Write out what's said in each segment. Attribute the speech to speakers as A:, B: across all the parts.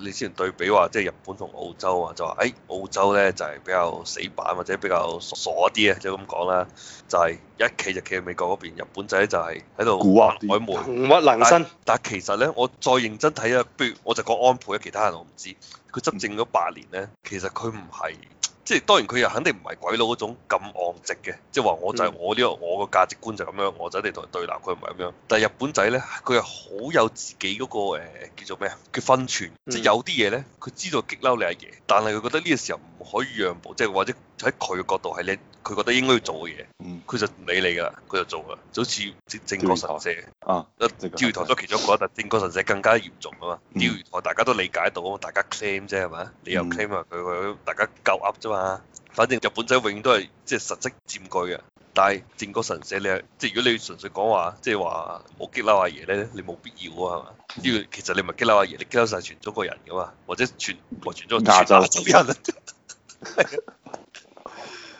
A: 你之前對比話，即係日本同澳洲啊，就話誒澳洲咧就係比較死板或者比較傻啲啊，就咁講啦，就係一企就企喺美國嗰邊，日本仔就係喺度苦啊，能屈能伸。但係其實咧，我再認真睇啊，譬如我就講安倍啊，其他人我唔知。佢執政咗八年咧，其實佢唔係。即係當然佢又肯定唔係鬼佬嗰種咁戇直嘅，即係話我就係我呢、這個、嗯、我個價值觀就咁樣，我就一定同佢對立，佢唔係咁樣。但係日本仔咧，佢又好有自己嗰、那個叫做咩啊？叫分寸，即係、嗯、有啲嘢咧，佢知道激嬲你阿、啊、爺，但係佢覺得呢個時候可以讓步，即係或者喺佢嘅角度係你，佢覺得應該要做嘅嘢，佢、嗯、就唔理你噶，佢就做啦。就好似正靖國神社啊，釣魚台都其中一個，但靖國神社更加嚴重啊嘛。釣魚台大家都理解到，大家 claim 啫係咪？你又 claim 佢佢，大家夠噏啫嘛。反正日本仔永遠都係即係實質佔據嘅，但係靖國神社你係即係如果你純粹講話，即係話冇激嬲阿爺咧，你冇必要啊嘛。呢、嗯、 其實你咪激嬲阿爺，你激嬲晒全中國人噶嘛，或者全或全咗全亞洲人。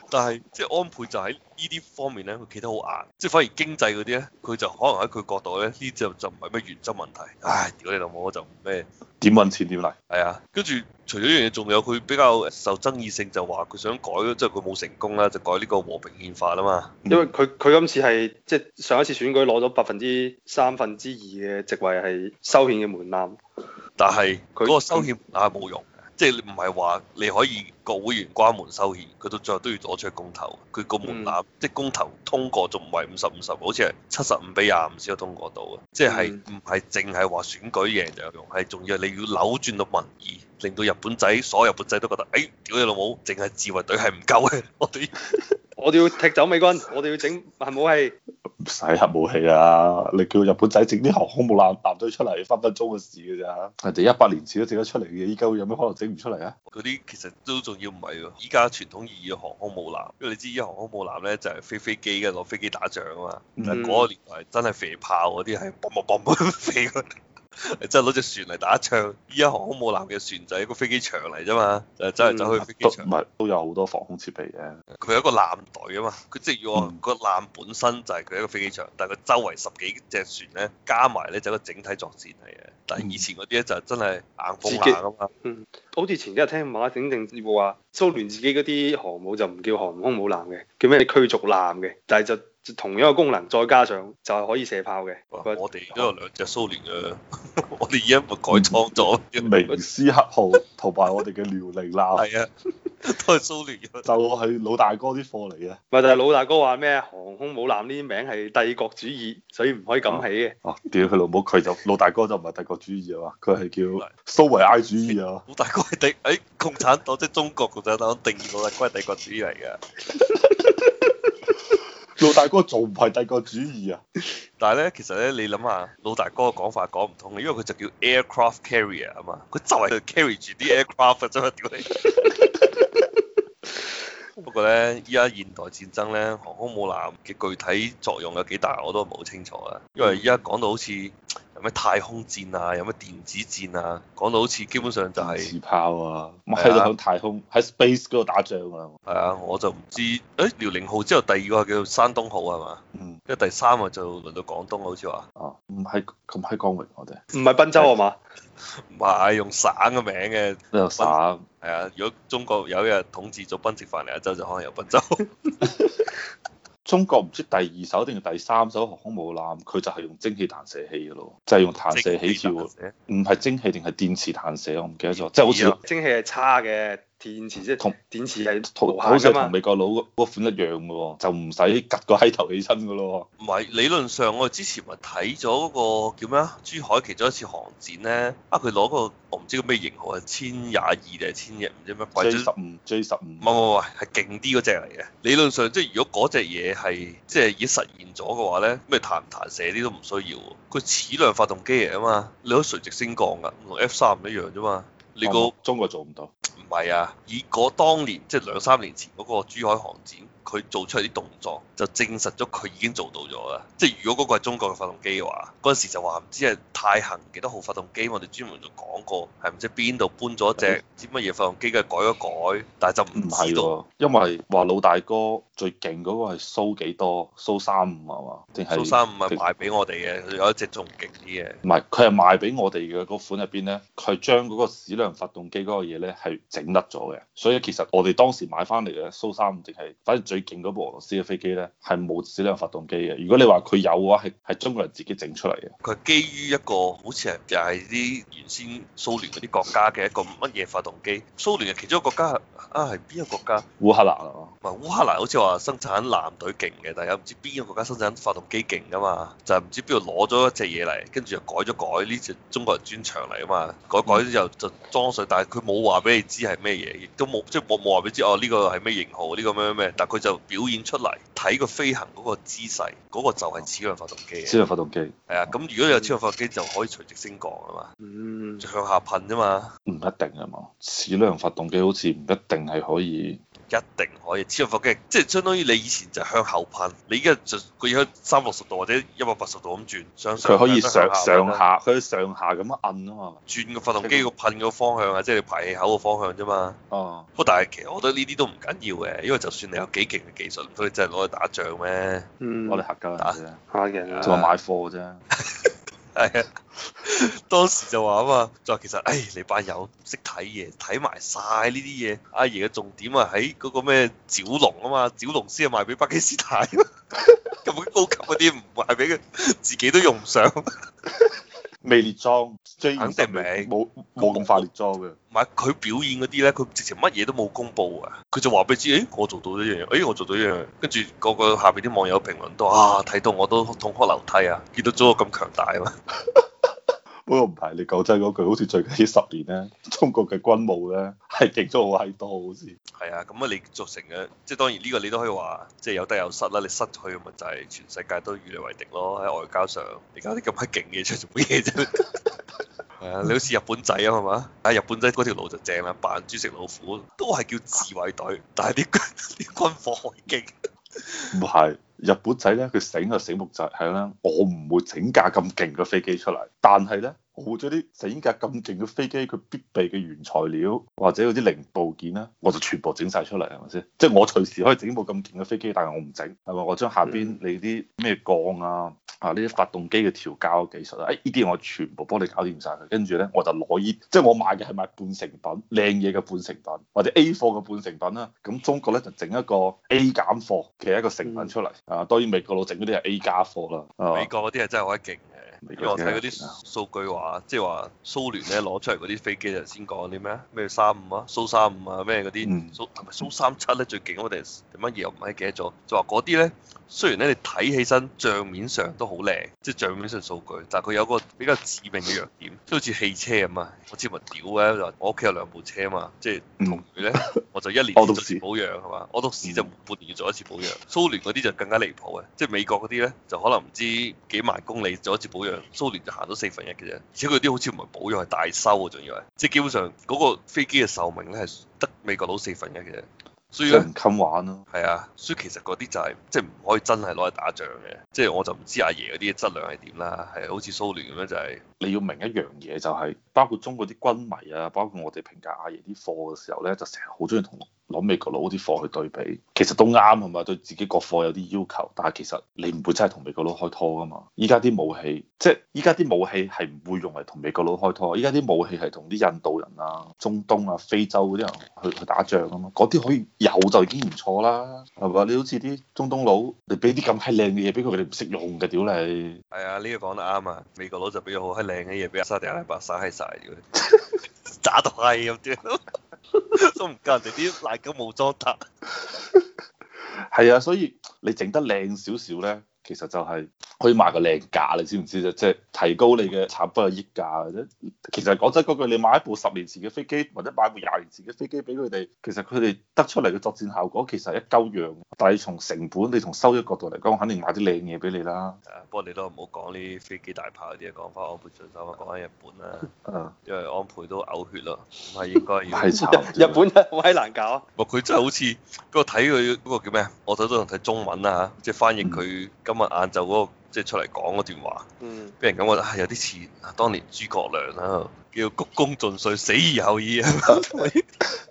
A: 但係即係安倍就喺呢啲方面咧，佢企得好硬，即係反而經濟嗰啲咧，佢就可能喺佢角度咧，呢啲就就唔係咩原則問題。唉，如果你老母就咩
B: 點揾錢點嚟？
A: 係啊，跟住除咗呢樣嘢，仲有佢比較受爭議性，就話佢想改，即係佢冇成
C: 功啦，就改呢個和平憲法啦嘛。因為佢佢今次係即係上一次選舉攞咗百分之三分之二嘅席位係修憲嘅門檻，但係嗰個修
A: 憲啊冇用。他即係你唔係話你可以個會員關門修憲，佢到最後都要攞出公投，佢個門檻、嗯、即係公投通過仲唔係五十五十，好似係七十五比廿五先有通過到嘅，即係唔係淨係話選舉贏就有用，係仲要你要扭轉到民意。令到日本仔，所有日本仔都覺得，哎，屌你老母，淨係自衛隊係唔夠嘅，我哋
C: 我哋要踢走美軍，我哋要整核武器。唔使核武器啦，
B: 你叫日本仔整啲航空母艦
C: 艦隊出嚟，分分鐘嘅事㗎咋。人
B: 哋一百年前都整得出嚟嘅，依家會有咩可能整唔出嚟
A: 啊？嗰啲其實都仲要唔係喎，依家傳統意義嘅航空母艦，因為你知依家航空母艦咧就係飛飛機嘅，攞、那個、飛機打仗啊嘛。
B: 但嗰、嗯、
A: 年代真係肥炮嗰啲係嘣嘣嘣飛嗰即係攞隻船嚟打仗依家航空母艦嘅船就係一個飛機場嚟啫嘛，就係走嚟走去
B: 飛機場，係都有好多防空設備嘅。
A: 佢係一個艦隊啊嘛，佢即係要個艦本身就係佢一個飛機場，但係佢周圍十幾隻船咧，加埋咧就係一個整體作戰嚟嘅。但係以前嗰啲咧就真係硬碰硬啊嘛。
C: 嗯，好似前幾日聽馬鼎盛節目話，蘇聯自己嗰啲航母就唔叫航空母艦嘅，叫咩驅逐艦嘅，但係就。同樣嘅功能，再加上就係可以射炮嘅。我哋都有兩隻蘇聯嘅，
B: 我哋而家咪改裝咗嘅明斯克號同埋我哋嘅遼寧艦。係啊，都係蘇聯嘅。就係老大
C: 哥啲貨嚟嘅。咪就係、是、老大哥話咩？航空母艦呢啲名係帝國主義，所以唔可以咁起
B: 嘅。哦、嗯、屌、啊、佢老母！佢就老大哥就唔係帝國主義啊嘛，佢係叫蘇維埃主義啊。 老
A: 大哥係帝誒，共產黨即係中國共產黨定義老大哥係帝國主義嚟嘅。 啊
B: 老大哥做唔係帝國主義啊！
A: 但係咧，其實咧，你諗下老大哥嘅講法講唔通嘅，因為佢就叫 aircraft carrier 啊嘛，佢就係去 carry 住啲 aircraft 啫嘛，屌你！不過咧，依家現代戰爭咧，航空母艦嘅具體作用有幾大，我都唔係好清楚啊，因為依家講到好似。有咩太空戰啊？有咩電子戰啊？講到好似基本上就係、是，自炮啊，
B: 喺度響太空喺、啊、space 嗰度打仗啊！
A: 係啊，我就唔知，誒、欸，遼寧號之後第二個叫山東號係嘛？嗯，跟住第三個就輪到廣東啦，好似話，
B: 哦、啊，唔係，唔係江域我哋唔係賓州啊
A: 嘛？唔係用省
B: 嘅名嘅，有賓省係啊！如果中國有一日統治咗賓夕法尼亞州，就可能有賓州。 中國唔知道第二艘定第三艘航空母艦，佢就係
C: 用蒸汽彈射器
B: 嘅咯，就係、是、用彈射器召，唔係蒸汽定係電磁彈射，我唔記得咗，即係好似。
C: 蒸汽係差嘅。電池即係同電池係同，好似同美
B: 國佬嗰款一樣嘅喎，就唔使趌個閪頭起身嘅咯。唔係理論上，我哋之前咪
A: 睇咗嗰個叫咩啊？珠海其中一次航展咧，啊佢攞嗰個我唔知叫咩型號啊，千廿二定係千一唔知乜鬼。J 十五，J 十五。唔唔唔，係勁啲嗰隻嚟嘅。理論上即係如果嗰隻嘢係即係已經實現咗嘅話咧，咩彈唔彈射啲都唔需要。佢齒量發動機嚟啊嘛，你可垂直升降噶，同 F 三唔一樣啫嘛。你估、嗯、中國做唔到？唔係啊，以嗰當年即、就係、兩三年前嗰個珠海航展。佢做出嚟啲動作，就證實咗佢已經做到咗啦。即係如果嗰個係中國嘅發動機嘅話，嗰陣時就話唔知係太行幾多號發動機，我哋專門就講過係唔知邊
B: 度搬咗隻，的
A: 知乜嘢發動機嘅改一改，
B: 但係就唔知道。因為話老大哥最勁嗰個係蘇幾多、蘇三五啊嘛，定係蘇三五係賣俾我哋嘅，有一隻仲勁啲嘅。唔係，佢係賣俾我哋嘅嗰款入邊咧，佢將嗰個矢量發動機嗰個嘢咧係整得咗嘅，所以其實我哋當時買翻嚟嘅蘇三五定係，so、35，反正最你勁嗰部俄羅斯嘅飛機咧，係冇少量發動機嘅。如果你話佢有嘅話，係係中國人自己整出嚟嘅。佢係基於一個好似係又係啲原先蘇聯嗰啲國家
A: 嘅一個乜嘢發動機。蘇聯嘅其中一個國家啊係邊個國家？
B: 烏克蘭啊。
A: 唔係烏克蘭，好似話生產艦隊勁嘅，但係有唔知邊個國家生產發動機勁噶嘛？就係唔知邊度攞咗一隻嘢嚟，跟住又改咗改呢隻中國人專長嚟啊嘛。改改之後就裝上。但係佢冇話俾你知係咩嘢，亦都冇即係冇冇話俾你知哦呢個係咩型號，呢個咩咩咩，但佢就表演出嚟，睇個飛行嗰個姿勢，嗰、嗰個就係矢量發動機。矢量發動機係啊，咁如果有矢量發動機就可以垂直升降啊嘛，嗯，向下噴啫嘛。
B: 唔一定啊嘛，矢量發動機好似唔一定係可以。
A: 一定可以，超噚發機，即係相當於你以前就向後噴，你而家就佢要喺三六十度或者一百八十度咁轉，上佢可以上上下，佢上下咁樣摁下啊嘛，轉個發動機個噴個方向啊，嗯、即係你排氣口個方向啫嘛。哦、嗯，不過但係其實我覺得呢啲都唔緊要嘅，因為就算你有幾勁嘅技術，佢係真係攞嚟打仗咩？
B: 我哋客
A: 家打嘅，同埋買貨啫。 係啊， 當時就話啊嘛，就話其實，哎，你班友識睇嘢，睇埋晒呢啲嘢。阿爺嘅重點啊喺嗰個咩梟龍啊嘛，梟龍先係賣俾巴基斯坦，咁 高級嗰啲唔賣俾佢，自己都用唔上。未列裝，J、26, 肯定未冇冇咁快列裝嘅。唔係佢表演嗰啲咧，佢直情乜嘢都冇公布啊！佢就話俾你知，誒、哎、我做到一樣嘢，誒、哎、我做到一樣嘢，跟住個個下邊啲網友評論都啊睇到我都痛哭流涕啊！見到
B: 咗我咁強大啊！ 不過唔係你講真嗰句，好似最近呢十年咧，中國嘅軍武咧。係極中位，多好似，
A: 係啊，咁啊，你造成嘅。即係當然呢個你都可以話，即係有得有失啦。你失去嘅咪就係全世界都與你為敵咯。喺外交上，你搞啲咁閪勁嘅嘢出嚟做乜嘢啫？係 啊，你好似日本仔啊嘛，啊日本仔嗰條路就正啦，扮豬食老虎都係叫自衛隊，但係啲啲軍火
B: 好勁。唔係 日本仔咧，佢醒就醒目仔，係啦，我唔會整架咁勁嘅飛機出嚟，但係咧。冇咗啲整架咁勁嘅飛機，佢必備嘅原材料或者嗰啲零部件咧，我就全部整晒出嚟，係咪先？即係我隨時可以整部咁勁嘅飛機，但係我唔整，係咪？我將下邊你啲咩鋼啊，啊呢啲發動機嘅調校技術啊，哎呢啲我全部幫你搞掂晒嘅。跟住咧，我就攞依即係我賣嘅係賣半成品靚嘢嘅半成品或者 A 貨嘅半成品啦。咁中國咧，就整一個 A 減貨嘅一個成品出嚟。嗯、啊。當然美國佬整嗰啲係 A 加貨啦。4, 美
A: 國嗰啲係真係好一勁因為我睇嗰啲數據，話即係話蘇聯咧攞出嚟嗰啲飛機，就先講啲咩咩三五啊，蘇三五啊，咩嗰啲蘇，係咪蘇三七咧最勁，我哋點乜嘢又唔係記得咗，就話嗰啲咧。雖然咧，你睇起身帳面上都好靚，即係帳面上數據，但係佢有個比較致命嘅弱點，即係好似汽車咁啊，好似唔屌嘅就，我屋企有兩部車啊嘛，即係同佢咧，我就一年做一次保養係嘛，我到時就半年要做一次保養。蘇聯嗰啲就更加離譜嘅，即係美國嗰啲咧就可能唔知幾萬公里做一次保養，蘇聯就行咗四分一嘅啫，而且佢啲好似唔係保養係大修啊，仲要係，即係基本上嗰個飛機嘅壽命咧係得美國佬四分一嘅啫。所以咯，唔襟玩咯，係啊，所以其實嗰啲就係即係唔可以真係攞嚟打仗嘅，即係我就唔知阿爺嗰啲質量係點
B: 啦，係好似蘇聯咁樣就係你要明一樣嘢就係，包括中國啲軍迷啊，包括我哋評價阿爺啲貨嘅時候咧，就成日好鍾意同攞美國佬啲貨去對比，其實都啱係嘛？對自己國貨有啲要求，但係其實你唔會真係同美國佬開拖噶嘛。依家啲武器，即係依家啲武器係唔會用嚟同美國佬開拖。依家啲武器係同啲印度人啊、中東啊、非洲嗰啲人去去打仗啊嘛。嗰啲可以有就已經唔錯啦，係嘛？你好似啲中東佬，你俾啲咁閪靚嘅嘢俾佢哋，唔識用嘅屌你！係啊、哎，呢、
A: 這個講得啱啊！美國佬就俾咗好閪靚嘅嘢俾，霎啲人把曬閪晒。渣到閪咁屌， 都唔夠人哋啲賴金冇糟蹋。
B: 係啊，所以你整得靚少少咧，其實就係、是。可以賣個靚價你知唔知啫？即係提高你嘅產品嘅溢價嘅啫。其實講真嗰句，你買一部十年前嘅飛機，或者買部廿年前嘅飛機俾佢哋，其實佢哋得出嚟嘅作戰效果其實一鳩樣。但係從成本，你從收益角度嚟講，肯定買啲靚嘢俾你啦。
A: 不過你都唔好講啲飛機大炮嗰啲嘢講法，我換轉手啊，講翻日本啦。因為安倍都嘔血啦，唔係應該要。係啊！日本
C: 好閪難搞。哦，
A: 佢真係好似嗰個睇佢嗰個叫咩？我睇到人睇中文啦嚇，即係翻譯佢今日晏晝嗰個。即係出嚟講嗰段話，嗯，俾人感覺啊，有啲似當年諸葛亮啊，叫鞠躬盡瘁，死而後已啊嘛，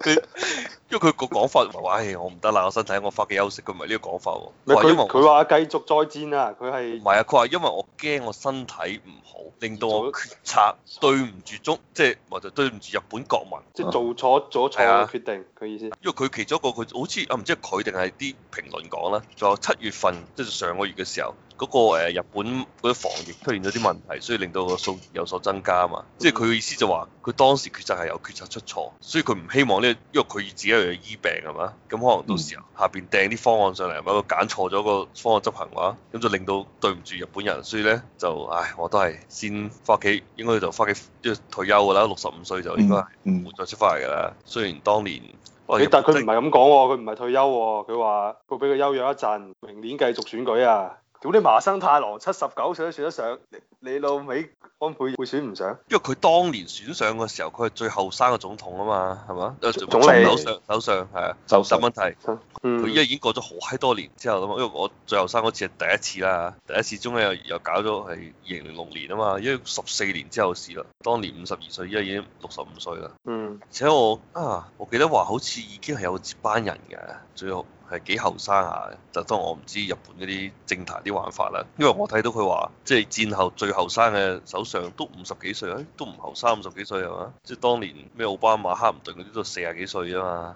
A: 佢。 因為佢個講法話，唉、哎，我唔得啦，我身體，我發嘅休息。佢唔係呢個講法喎，佢佢話
C: 繼續再戰啊！佢係
A: 唔係啊？佢話因為我驚我身體唔好，令到我決策對唔住中，即係或者對唔住日本國
C: 民，即係、啊、做錯咗錯嘅決定。佢、
A: 啊、意思因為佢其中一個佢好似啊，唔知係佢定係啲評論講啦。仲有七月份，即、就、係、是、上個月嘅時候，嗰、那個誒日本嗰啲防疫出現咗啲問題，所以令到個數字有所增加啊嘛。即係佢嘅意思就話，佢當時決策係有決策出錯，所以佢唔希望呢、這個，因為佢自己。譬如醫病係嘛，咁可能到時候下邊掟啲方案上嚟，嗰個揀錯咗個方案執行嘅話，咁就令到對唔住日本人，所以咧就唉，我都係先翻屋企，應該就翻屋企要退休㗎啦，六十五歲就應該係唔會再出發㗎啦。雖然當年，
C: 但係佢唔係咁講喎，佢唔係退休喎，哦，佢話佢俾佢休養一陣，明年繼續選舉啊。咁啲麻生太郎七十九歲都選得上，你老味安倍會選唔上？
A: 因為佢當年選上嘅時候，佢係最後生嘅總統啊嘛，係嘛？總理，首相，首相係啊。就理問題，
C: 佢依家已
A: 經過咗好閪多年之後，因為我最後生嗰次係第一次啦，第一次終係又搞咗係二零零六年啊嘛，因為十四年之後事啦，當年五十二歲，依家已經六十五歲啦。嗯。而且我啊，我記得話好似已經係有接班人嘅，最好。係幾後生下嘅，就當我唔知日本嗰啲政壇啲玩法啦。因為我睇到佢話，即、就、係、是、戰後最後生嘅首相都五十幾歲，都唔後生，五十幾歲係嘛？即係當年咩奧巴馬、克林頓嗰啲都四十幾歲啊嘛。